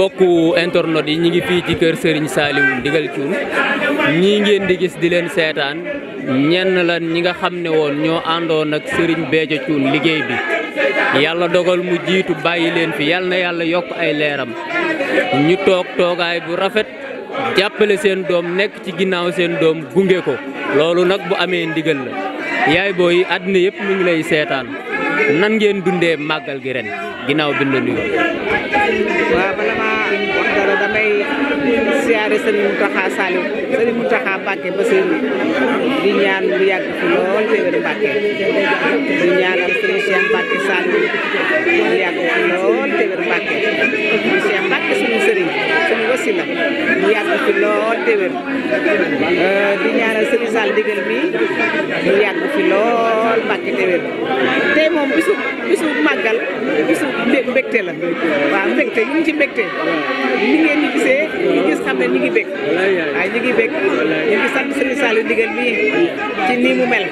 mbokku internet yi ñu ngi fii ci kër Serigne Saliou Ndigal Thioune ñii ngeen di gis di leen seetaan ñenn la ñi nga xam ne woon ñoo àndoon ak Serigne Béthio Thioune liggéey bi yàlla dogal mu jiitu bàyyi leen fi yàlla na yàlla yokk ay leeram ñu toog toogaay bu rafet jàppale seen doom nekk ci ginnaaw seen doom gunge ko loolu nag bu amee ndigal la yaay booy àddina yëpp mu ngi lay seetaan nan ngeen dundee màggal gi ren ginnaaw bi ñu la nuyoo. waaw bala maa wax dara damay siyaare Serigne Mountakha Saliou Serigne Mountakha Mbacké Bassirou di ñaan lu yàgg fi lool te wér Mbacké di ñaanal Serigne Cheikh Mbacké Saliou lu yàgg fi lool te wér Mbacké Cheikh Mbacké suñu sëriñ wasila mu yàgg fi lool te euh, di ñaanal Serigne Sall ndigal bi mu yàgg fi lool Mbàkke te wér tey moom bisu bisu màggal bisu la waaw ñu ngi ci mbégte ni ngeen ñu gisee ñu ngi bég waaw ñu ngi bég ñu ngi sant ci nii mu mel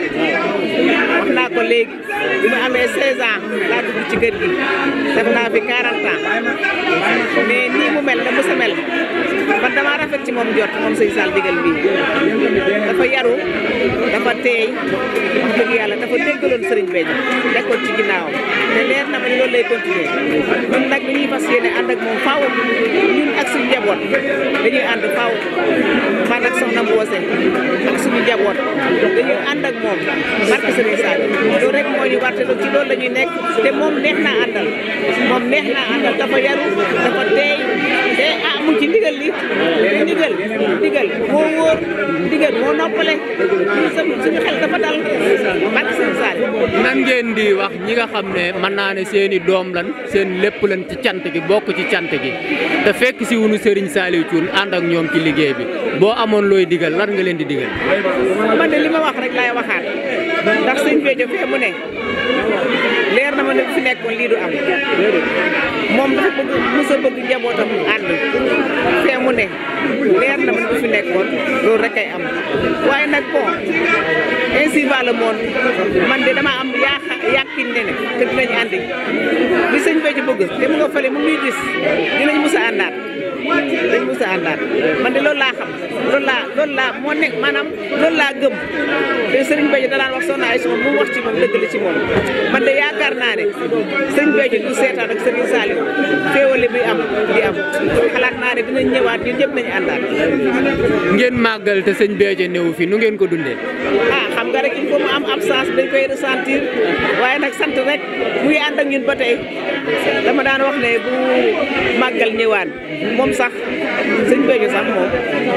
wax naa ko léegi bi ma amee 16 ans laa dugg ci kër gi def naa fi 40 ans nii mu mel na mësa mel man dama rafet ci moom jot moom sëñ Sall digal bii dafa yaru dafa teey wax dëgg yàlla dafa déggaloon sëriñ Béthio nekkoon ci ginnaawam te leer na ma ni loolu lay continuer ñun nag li ñuy fas yéene ànd ak moom faaw ñun ak suñu njaboot dañuy ànd faaw man ak soxna Mbose ak njaboot dañuy ànd ak moom barke Serigne Sall loolu rek moo ñu war te ci loolu la ñuy nekk te moom neex naa àndal moom neex naa àndal dafa yaru dafa teey te ah mu ci ndigal li te ndigal ndigal moo wóor ndigal moo noppale suñu xel dafa dal barke Serigne Sall nan ngeen di wax ñi nga xam ne mën naa ne seeni doom lan seen lépp lan ci cant bi bokk ci cant gi te fekk si wunu Serigne Saliou ànd ak ñoom ci liggéey bi boo amoon looy digal lan nga leen di digal. man de li ma wax rek laay waxaat ndax sëñ Béthio fee mu ne leer na ma ne fi nekkoon a loolu rek ay am waaye nag ainsi va le monde man de dama am yaa yàqin ne ne te dinañ àndi li sëñ Béthio bëgg te mu nga fële mu ngi gis dinañ mus a àndaat dinañ mus a àndaat man de loolu laa xam loolu laa moo nekk maanaam loolu laa gëm te sëriñ Béthio danaan wax soxna Aïssa moom mu wax ci moom dëgg la ci moom man de yaakaar naa ne sëriñ Béthio du seetaan ak sëriñ Saliou féewale bi am di am xalaat naa ne dinañ ñëwaat ñun ñëpp nañu àndaat ngeen màggal te sëñ Béthio newu fi nu ngeen ko dundee ah xam nga rek il faut am absence dañ koy ressentir waaye nag sant rek mu ngi ànd ak ñun ba tey dama daan wax ne bu màggal ñëwaan moom sax sëñ Béthio sax moom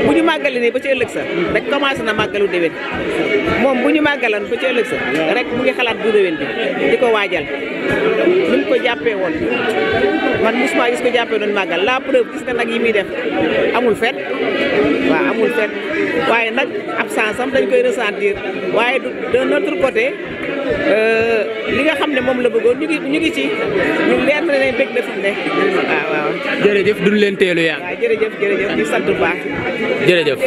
bu ñu màggali nii ba ci ëllëg sa rek commencé na màggalu déwén moom bu ñu màggalan ba ci ëllëg sa rek mu ngi xalaat bu déwén bi di ko waajal ni mu ko jàppee woon man musuma gis ko jàppee noonu màggal la preuve gis nga nag yi muy def amul fet waaw amul fet waaye nag absence am dañ koy ressentir waaye de notre côté Euh, li nga xam ne moom la bëggoon ñu ngi ñu ngi ci ñu leer na leen bëgg na fi ne waaw waaw. jërëjëf duñ leen teelu yaa. waaw jërëjëf jërëjëf di sant bu jërëjëf.